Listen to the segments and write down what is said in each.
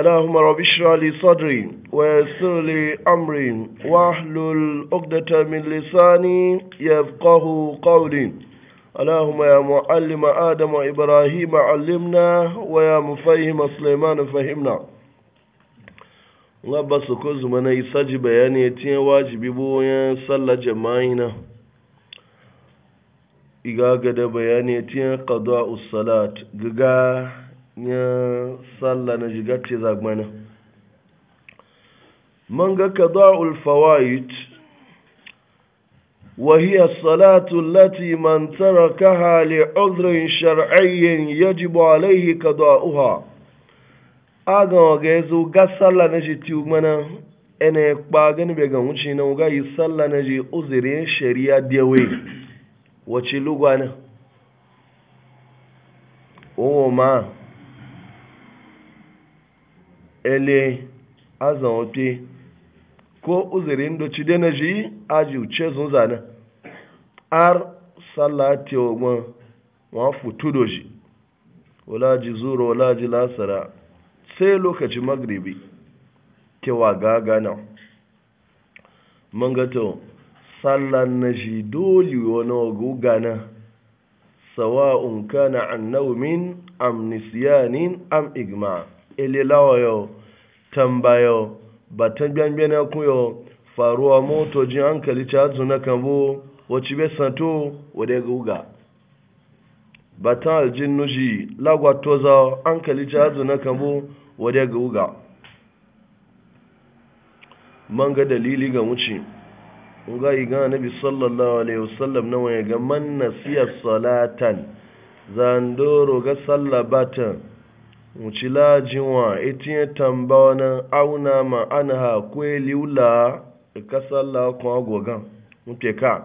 اللهم رب اشرح لي صدري ويسر لي امري واحلل عقدة من لساني يفقه قولي اللهم يا معلم ادم وابراهيم علمنا ويا مفهم سليمان فهمنا ngaba su ko zuma na isa ji bayani ya tiye wajibi boyan sallar jama'i na iga gada ya sallah na jigarce zagmana man ga kada'ul fawaid وهي الصلاة التي من تركها لعذر شرعي يجب عليه قضاؤها agan ga yazo ga sallah na ji tiyu ene kpa gani be ga wuce na ga yi sallah na ji uzirin shari'a dewe wace lugwana ma ele azan ote ko uzere da chide na ji aji uche sun zane ar wa wa futu da wala ji zuro wala ji lasara sai lokaci magribi wa gaga na mangato sallan na ji dole wani oguga na sawa'un kana an am nisyanin am igma' elelawayo tambayo batan ku kuyo faruwa moto jin hankali ta zuna kambo wacce bai santo wadai guga batan aljinnu shi lagwato za hankali ta zuna kambo wadai guga man ga dalili ga wuce ga iga nabi sallallahu alaihi wasallam na waya ga man nasiya salatan doro ga sallabatan mucila jinwa itinye na auna ma ana ha kweli wula da kasar lakon agogan muke ka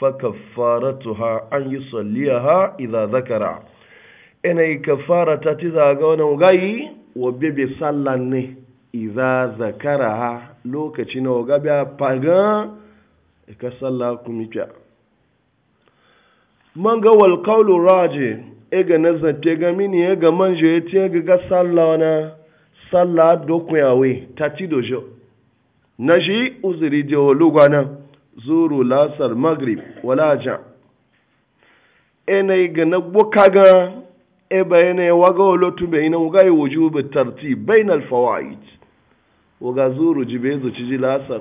fakafaratu ha an yi salliya ha idha zakara ina ka fara ta ti zaga wani gayi wa bebe sallan ne idha zakara ha lokaci na waga biya paga da kasar lakon muke man ga wal rajin ega na zante ga mini ya ga manjo ya ce ga ga sallah na sallah do kuyawe ta do, dojo na ji uzuri je holugwa na zuru lasar maghrib wala ja ena ega na boka ga e bayana ya waga walotu bai ina, wuga yi bi tartib bainal fawaid waga zuru jibe zo lasar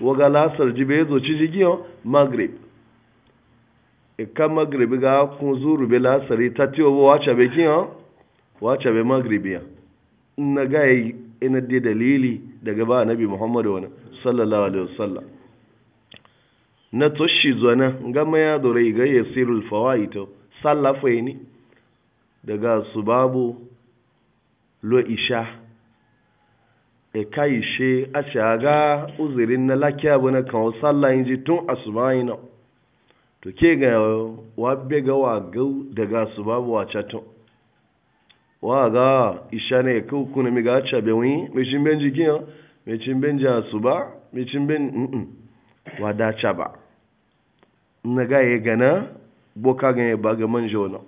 waga lasar jibe zo ci giyo maghrib ikan magribi ga kun zuru be lasari ta tiyo bo wace be kiyo wace be magribi ya na ga ina da dalili daga ba nabi muhammadu wani sallallahu alaihi wasallam na toshi zana ga maya dore ga yasirul fawaito sallafa ni daga babu lo isha e kai she a ga uzirin na lakiya bana kan sallah inji tun asubahi na to ke ga wabbe ga wa gau daga su babu wa chaton wa ga isha ne ko kuna mi ga cha be wi mi cin ben jikin mi cin ben ja su ba mi cin ben mm wa ba na ga ye gana boka ga ba ga manjo na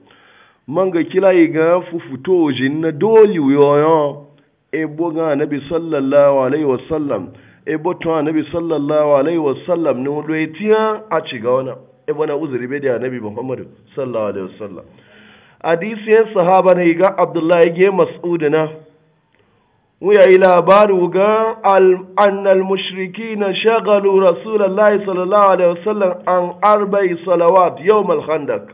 man ga kila yi ga fufuto jin na doli yoyo e boga nabi sallallahu alaihi wasallam e boto nabi sallallahu alaihi wasallam ne wo do etiya a ci ga wannan ibana uzuri bai da annabi Muhammad sallallahu alaihi wasallam hadisi hadisiyan sahaba ne ga Abdullah abdullahi ge mas'udina wuya yi labaru ga annal mushriki na shagalu rasulullahi sallallahu alaihi wasallam an arba'i salawat yawm al khandak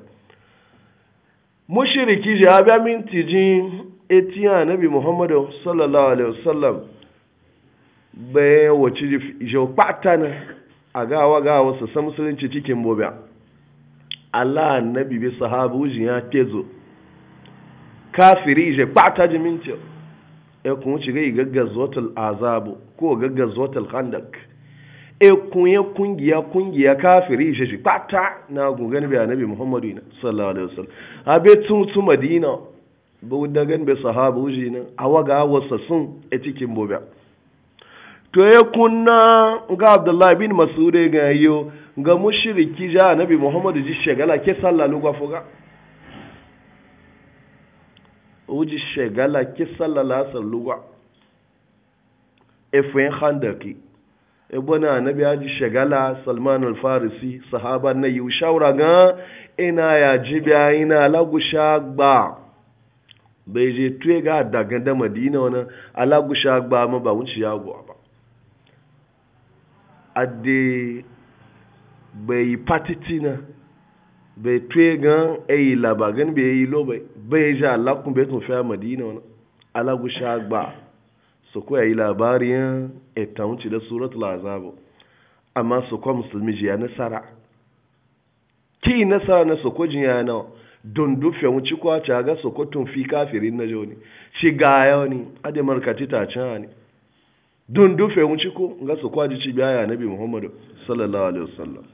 mushriki je abia min tijin etiya nabi Muhammad sallallahu alaihi wasallam bai wacce je patana a gawa gawa su san cikin bobiya Allah annabi bi sahabu ya tezo kafiri je kwata minti e kun ga yi gaggazotul azabu ko gaggazotul khandak e kun ya kungiya kungiya kafiri je ji kwata na gani bi annabi Muhammadu sallallahu alaihi wasallam abe tun tun Madina bu gani bi sahabu jina awaga wasasun e cikin bobe to ya kunna ga abdullahi bin masude ga yo ga mushriki ja nabi muhammadu ji shagala ke sallah lugwa fuga uji shegala ke sallah lasar lugwa efen khandaki e bona nabi aji shagala salman al-farisi sahaba na yu shawara ga ina ya jibiya ina lagusha gba bai je tuye ga daga da madina wani alagusha gba ma ba wuce ya ba ade bai patiti na bai tuye gan eyi laba gani bai yi lo bai bai ja alakun bai tun fiya madina wani gba su ko yi labari yan etan wuce da suratul azabu amma su ko musulmi ji ya nasara ki nasara na su ko jiya na don dufe wuce kwace ga su ko tun fi kafirin na joni shi ga yau ne ade markati ta can ne dun dufe wuce ko ga su kwaji ci biya annabi muhammadu sallallahu alaihi wasallam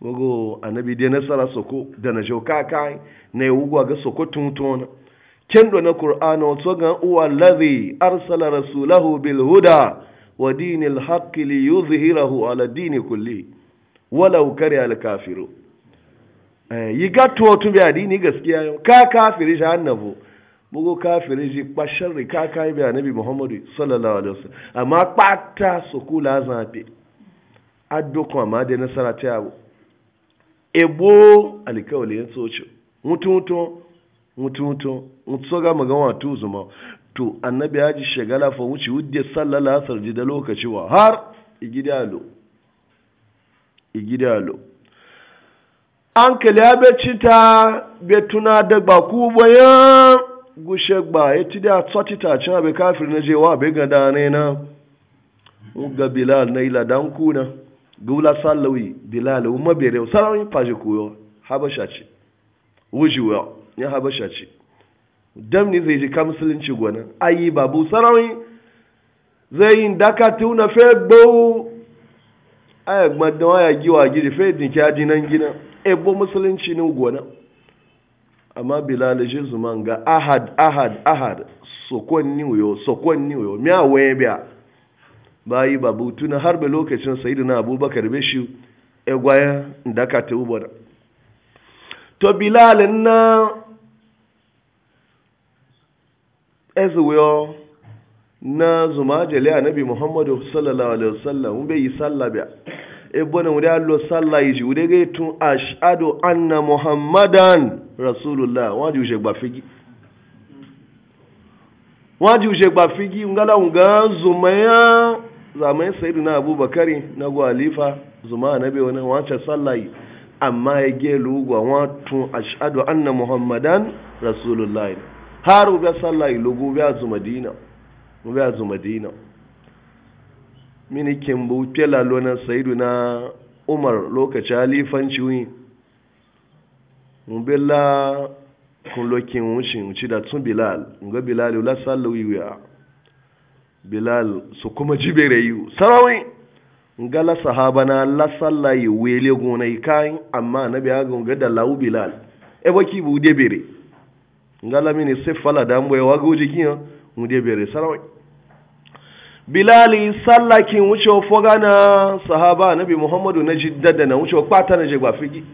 wago annabi dai nasara soko da na jauka kai na wugwa ga soko tuntun kendo na qur'ana to ga uwa ladhi arsala rasulahu bil huda wa dinil haqqi li yuzhirahu ala din kulli walau kari al kafiru eh, yi gatto tun biya dini gaskiya ka kafiri jahannabu bugu kafiri ji kpashar rika kayi bi anabi muhammadu sallallahu alaihi wasallam amma kpata su kula zabe addokun amma dai nasara ta yabo ebo alikawali yin soci mutu-mutu mutu-mutu mutu ga magawa tu zuma to annabi ya ji shagala fa wuce wudde sallallahu asar ji da lokaci wa har igidalo igidalo an kali ya bai cita bai tuna da baku bayan gushe gba ya ti da tsoti ta cin abe kafir na jewa bai ga dane na ga bilal na ila dan kuna gula sallawi bilal umma bere sarawi faje koyo habasha ce wujuwa ya habasha ce dam ni zai ji musulunci gwana ayi babu sarawi zai yi daka tuna fe gbowu a yagbadan waya giwa gidi fe dinki nan gina ebo musulunci ne gwana amma bilal shi ga ahad ahad ahad sokon niwuyo sokon niwuyo miya waye biya bayi babu tuna harbe ba lokacin sayyidina abubakar be shi e ndaka da ka ta to bilalin na ezuwayo na zuma jale annabi muhammadu sallallahu alaihi wasallam bai yi sallah biya ebona wuri allo salla yiji wuri ga tun ashadu anna muhammadan rasulullah waji uje gba figi waji uje gba figi ngala nga zumaya zamayin sayyidina abubakari na Alifa, zuma annabi wani wancan yi amma ya a, gwa tun ashadu anna muhammadan rasulullah har ubiya sallah ilugu ubiya zumadina ubiya zumadina mini kimbu pela lona saidu na umar lokaci halifanci wi mbela kun lokin wucin wuci da tun bilal nga bilal la sallu wiya bilal su kuma jibere yu sarawin nga lasa sahaba na la sallayi wele gonai kan amma na biya ga da lawu bilal e baki bu debere bere la mini se fala da mbo e wago jikin mu de bere bilali sallakin wuce foga na sahaba nabi muhammadu na da na wuce kwata na je figi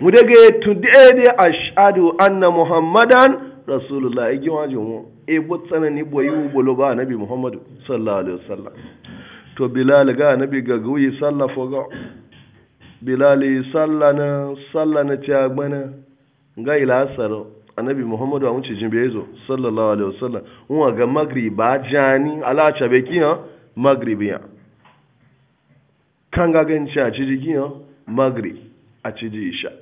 mu daga tudde da ashadu anna muhammadan rasulullah igi waje mu e bo ni boyi bolo ba nabi muhammadu sallallahu alaihi wasallam to bilal ga nabi ga guyi salla foga bilali sallana sallana ta gbana ga ila asaro annabi muhammadu a wuce jin bezo sallallahu alaihi wasallam wa ga magriba jani ala chabe kiya magribiya kan ga gan cha ci kiya magri a ci ji isha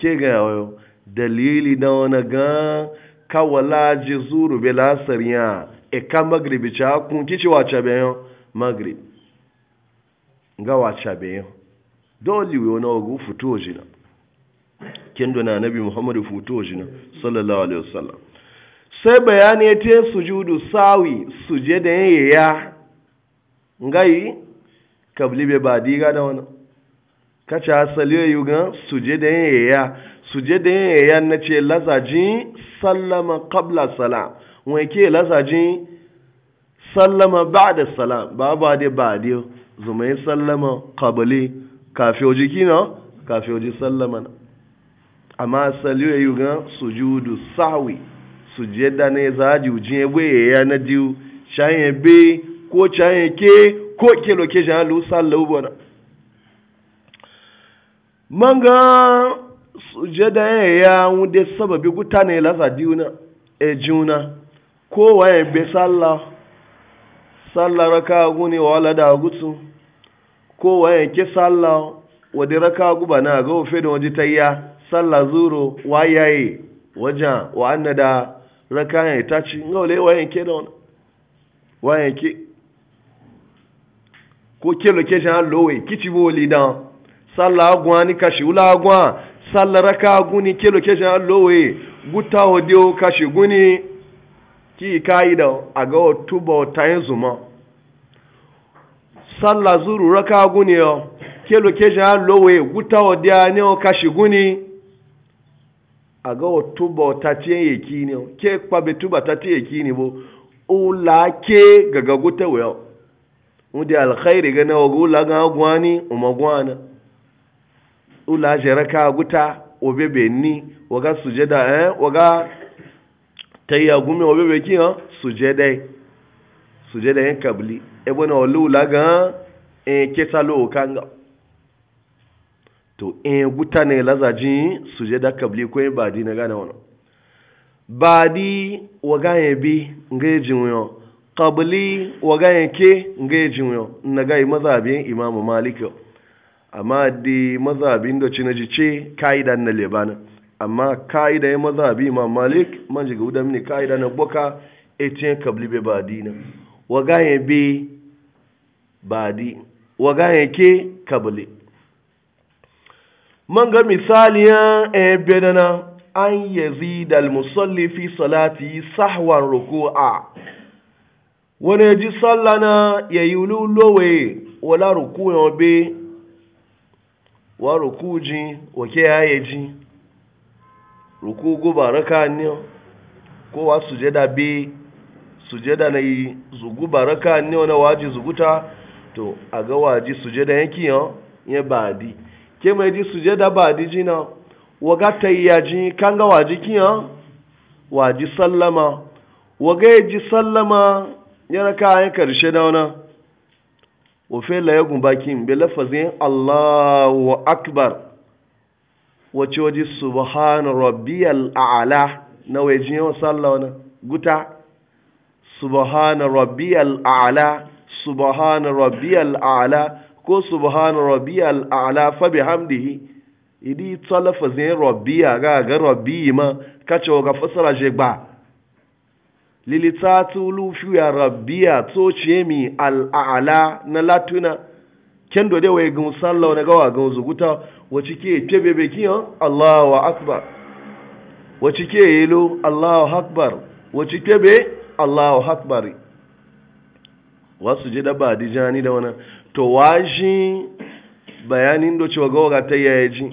ke ga yawo dalili da wani ga kawala ji zuru belasar ya e ka magribi cha kun kici wa chabe yo magrib ga wa chabe yo dole wo na ogu futo jina kendo na nabi muhammadu futo jina sallallahu alaihi wasallam sai bayani ya te sujudu sawi suje da yayi ya ngai kabli be badi ga da wani kacha asali yayi ga suje da yayi ya suje da yayi ya na ce lazaji sallama qabla salam wai ke lazaji sallama ba'da salam ba ba de ba de zumai sallama qabli kafi ojiki no kafi oji sallama na amma saliyo yi gan sujudu sawi sujeda ne za ji ujin egbe ya na diu chaye be ko chaye ke ko ke location lu sallu bona manga sujeda ya wunde sababi gutane la za diuna e juna ko waye be sallah sallah raka guni wala da gutsu ko waye ke sallah wadi raka guba na ga ofe da waje tayya sallah zuro wayaye wajen wa'anda da raka ya ci ga wale wayan ke da wani wayan ke ko ke location an lowe kici bo lidan sallah agwa ni kashi wula agwa sallah raka guni ke location an lowe guta hodiyo kashi guni ki kayi da aga tuba ta yin zuma sallah zuru raka guni yo ke location an lowe guta hodiya ne kashi guni a ga tuba ta ce yaki ne ke kwabe tuba ta ce yaki ne bo ula ke gaga guta ndi wudi alkhairi ga nawa gula ga gwani umagwana ula jaraka guta obebe ni waga sujeda eh waga tayya gumi obebe ki ha eh, sujeda sujeda en kabli e bona ula ga e eh, kesalo kanga to in eh, guta ne lazaji suje da kabli ko in badi na gane wani badi wa ganye bi nga yi jinwiyo kabli wa ganye ke nga yi jinwiyo na gayi mazabin imamu maliki amma di mazabin ndo ci na ka'ida na lebana amma ka'ida ya bi imam malik man jiga wuda mini ka'ida na boka etiyan kabli be badi na wa ganye bi badi wa ganye ke kabli man ga misaliyan ebe na an yazid al-musalli fi salati sahwan ruku'a wani ji sallah na yayi lowe wala ruku'un be wa rukuji wake yaye ji ruku guba raka ko wa sujada be sujada na yi zugu baraka ne wani waji zuguta to a ga waji sujada yanki yan ya badi ke mai ji suje da ba di jina waga tayyaji kan ga waji kiya waji sallama waga ji sallama yana kayan karshe da wani wafe la ya gumba kin bi lafazin Allahu akbar ci waje subhana rabbiyal a'la na waje yawan sallama wani guta subhana rabbiyal a'la subhanu rabbiyal a'la ko subhana rabbiyal a'la fa hamdihi idi fa zin rabbiya ga ga rabbi ma kace ga fasara je gba lili ta tulu fi ya rabbiya to ce mi al a'la na latuna ken do de waye gun sallahu na wa gun zuguta wace ke tebe be kiyo Allahu akbar wace ke yelo Allahu akbar wace tebe Allahu akbar wasu je da ba dijani da wannan to waji bayanin do cewa ga ta yaji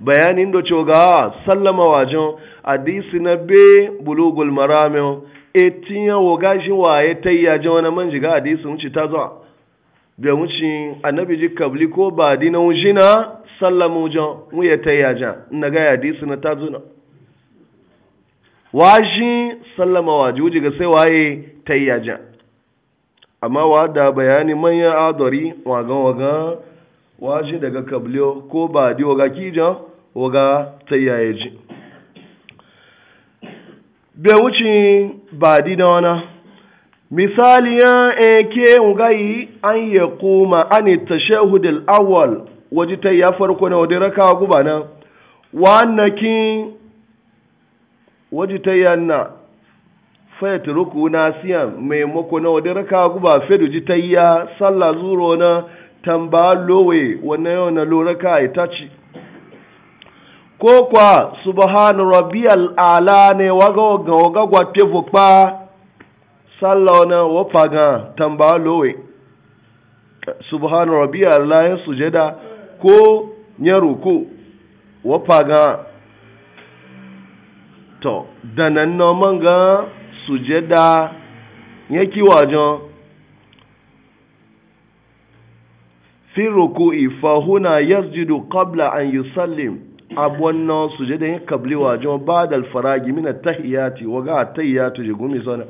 bayanin do cewa ga sallama wajen hadisi na be bulugul marami etinya woga shi waye ta ji wani man jiga hadisi wuce ta zuwa da wuce annabi ji kabli ko ba di na wuce na sallama wajen ya ta yaji na ga hadisi na ta zuwa waji sallama waje wuce ga sai waye ta yaji amma wa da bayani manyan adari wagan-wagan shi daga kabliyo ko ba di waga kijan waga tsayaye ji bai wuce ba di da wana misali ya eke ngayi an ya kuma an tashahudul awal waje ta ya farko na wadda raka guba nan wa waje ta fayata ruku na siyan maimako na wadda raka guba fedu ji ta yi ya sallah zuro na tamba lowe wannan yau na loraka ya taci ko kwa subhanu rabbi al'ala ne waga waga waga gwafe vokpa sallah na wafa ga tamba lowe subhanu rabbi al'ala ya sujada ko ya ruku wapa ga to danan noman ga sujeda yẹ kí wà jọ fi roko ìfahuna yasjudu qabla an yusallim abuwanna sujeda yẹ kabli wà jọ ba da alfaragi mina tahiyati waga tahiyatu je gumi sana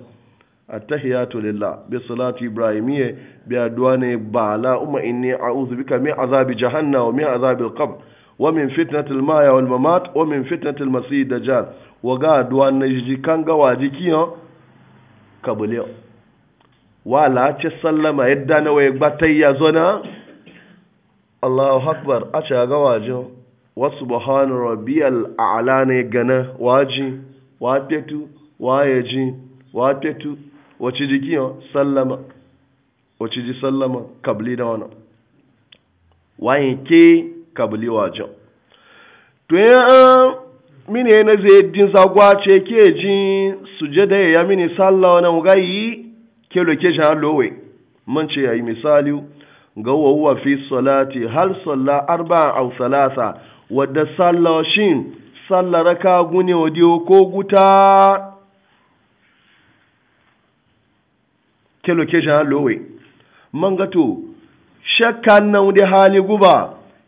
attahiyatu lillah bi salati ibrahimiyya bi addu'a ne ba umma inni a'udhu bika min azabi jahannam wa min azabi al-qabr wa min fitnati al-maya wal mamat wa min fitnati al-masih dajjal waga addu'a ne jikanga wa jikiyo kabuliyo wala ce sallama yadda na waye gbatayya zona Allahu akbar a ce ga waje wasu buhari rabiyal ala ne gana waji wafetu wayeji wafetu wace jiki sallama wace ji sallama kabli da wani wayin ke kabli waje to ya mini ne zai din zagwa ce ke jin sujada ya mini sallah wani gayi ke loke shi hallowe man ce ya yi misali ga wawuwa fi salati hal salla arba au salasa wadda sallah shin sallah raka gune wadi ko guta ke loke shi hallowe man gato shakkan nan wadi hali guba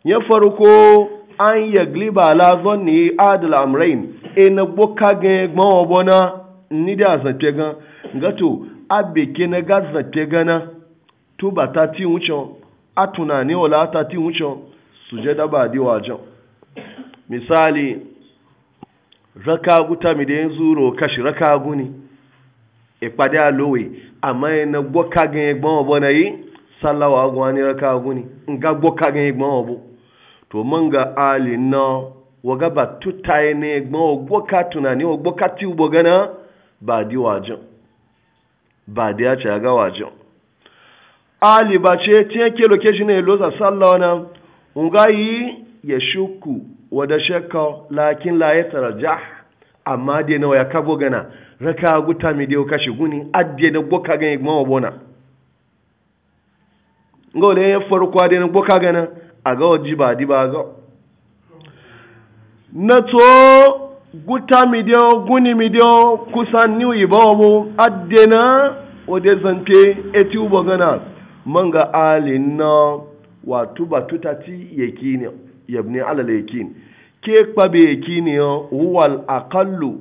ya farko an yagliba la zonni adal amrain ina e gboka gan egbon obona ni da zan fe gan ga to a ke na ga zan fe gana to ba ta ti wucho a tunani wala ta ti wucho da ba diwa jan misali raka guta mi da yin zuro kashi raka guni ìpàdé àlòwè àmọ́ ẹ̀nà gbọ́kagin ẹgbọ́n ọ̀bọ náà obo na yi aníraka agun ni nga gbọ́kagin ẹgbọ́n ọ̀bọ tó mọ́nga àlè náà wọ́gábà túta ẹni ẹgbọ́n ọgbọ́ka tùnà ní ọgbọ́ka tí ó gbọ́gán na. ba di wajin ba da ya ci ga wajin ali ba ce tiyan ke lokaci ne loza sallah na nga yi ya shuku wada shakka lakin la ya tarajah amma dai nawa ya kago gana raka guta mi dai kashi guni adde da boka gani ma bona nga wale ya farko dai na boka gana a ga wajiba di ba ga na to guta mi dio guni mi dio kusan ni ibobu addena ode zante eti ubo gana manga alin na tuba batuta ti yakini yabni ala yakin ke kpabe yakini yo wal aqallu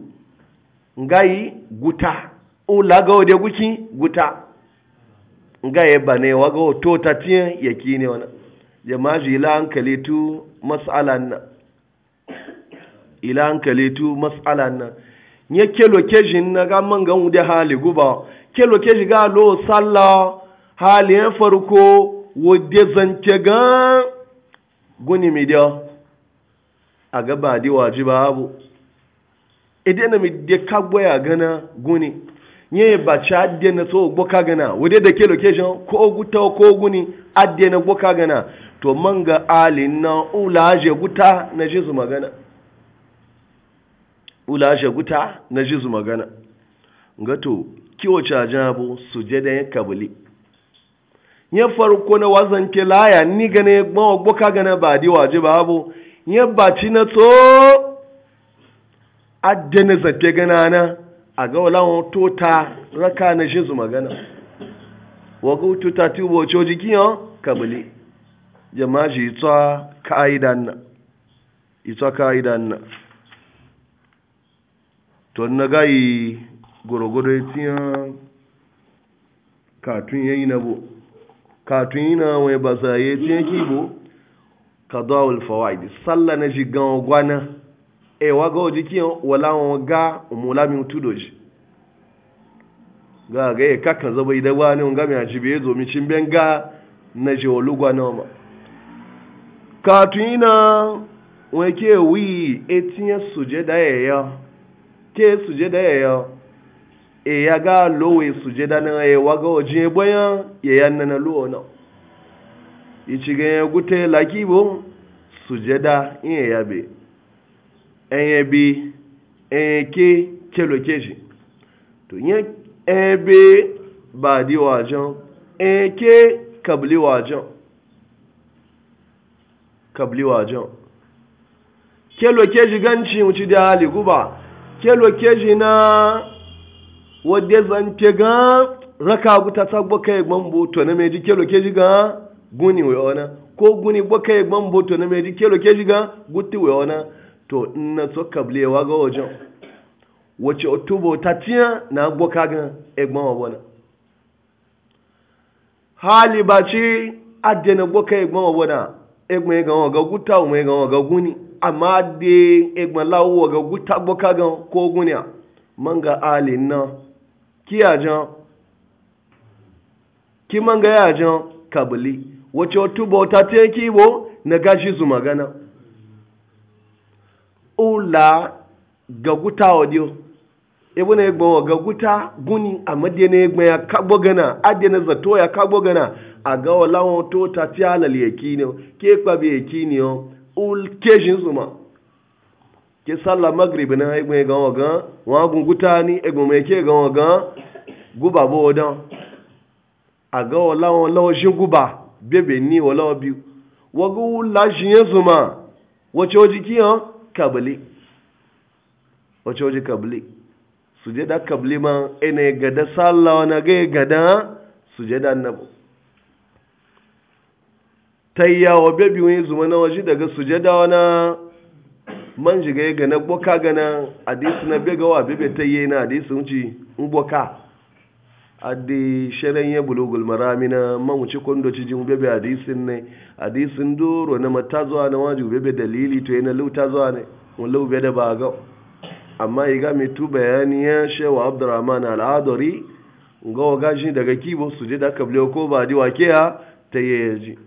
ngai guta o de guki guta ngai bane waga to tatin yakini wana jama'a jila hankali tu mas'alan ila hankali tu mas'ala nan nye kelo keji na ga man ga wude hali guba kelo keji ga lo salla hali en farko wode zance ga guni mi dia a ga ba di wajiba abu idan na mi de kagbo ya gana guni nye ba cha de na so gbo ka gana wode da kelo keji ko guta ko guni adde na gbo ka gana to manga alin na ulaje guta na jesu magana ulashe guta na jizu magana gato kiwo cajabu su je da yanka buli ya farko na wazan ke laya ni gane gbawa gane ba di waje ba abu ya baci na to adana zafi gana na a ga wala to ta raka na jizu magana wa ga to ta ti wo choji kiyo jama'a ji kaidan na ita kaidan na to na gayi gwargwado ya tiya katun yayi na bo katun yi na wai ba sa ya tiya kibo ka zuwa wulfawaidi salla na shi gan gwana e ga waje kiyan wala ga, umula min tudo shi ga ga ya kakka zaba idan wani ga mai ajibe ya zo mi cin ben ga na je lugwa gwana ma katun yi na wai ke wi etinye suje da yaya e ke sujada ya yau e ya ga lowe sujada na ya waga waje bayan ya yanna na luwa na ichi ga ya gute laki bo sujada in ya yabe enye bi enye ke kelo keji to nye ebe ba di wajen enye ke kabli wajen kabli wajen kelo keji ganci mu da hali guba kelo keji na wadda ga raka guta ta gboka ya gban boto na meji kelo keji ga guni wa ona. ko guni gboka ya gban boto na meji kelo keji ga guti wa wana to ina so kablewa ga wajen wace otubo ta na gboka ga egban wa wana hali ba ci adena gbaka ya gban wa egban ya ga wa ga guta wa ga wa ga guni amma de egban lawo ga guta boka ga ko gunya manga alin na kiya jan ki manga ya jan kabali wacce otu bauta ta yanki bo na gashi su magana ula ga guta audio ebe na wa ga guta guni amma de na egban ya kagbo gana ade na zato ya kagbo gana a ga wala to ta ti halal yaki ke kwabe yaki o. ulkejin zuma ke sallah magrib na egbun egan ogan wọn agun guta ni egbun meke egan ogan guba bo odan aga ola wọn lọwọ ṣin guba bebe ni olawo biyu wagu lashin yin zuma wace oji kiyan kabili wace oji kabili da kabili ma ene gada sallah wani ga gada suje da annabu tayya wa bebi wani zuma na waje daga sujada wana man jiga ga na boka gana hadisi na bega wa bebe tayye na hadisi wuce in boka adi sharan ya bulugul marami na man wuce kondo ci jin bebe hadisin ne hadisin doro na mata zuwa na waje bebe dalili to na lauta zuwa ne wani lau da ba ga amma ya ga mitu bayani ya shewa abdurrahman al'adari ga wa gashi daga kibo sujada kabliyo ko ba di wake ya tayye ya ji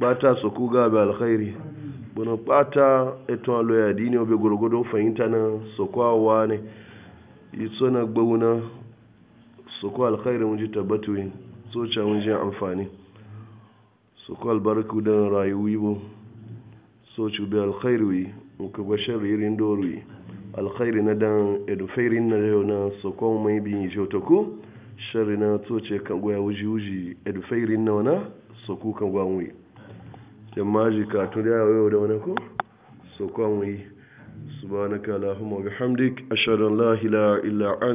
bata su kuga bi alkhairi buna bata eto ya dini obe gurgudu fahimta na su kwawa ne iso na gbauna su kwa alkhairi mun ji tabbatu yin soca mun ji amfani su kwa albarku da rayuwi bu soci bi alkhairi wi muka ga sharirin dorwi alkhairi na dan fairi na yau na su kwa mai bin yi jotoku shari na soce kan goya wuji wuji fairi na wana su kukan gwanwi kin maji katun da yawo da wani ko so kwanwi subhanaka allahumma wa bihamdik ashhadu an la ilaha illa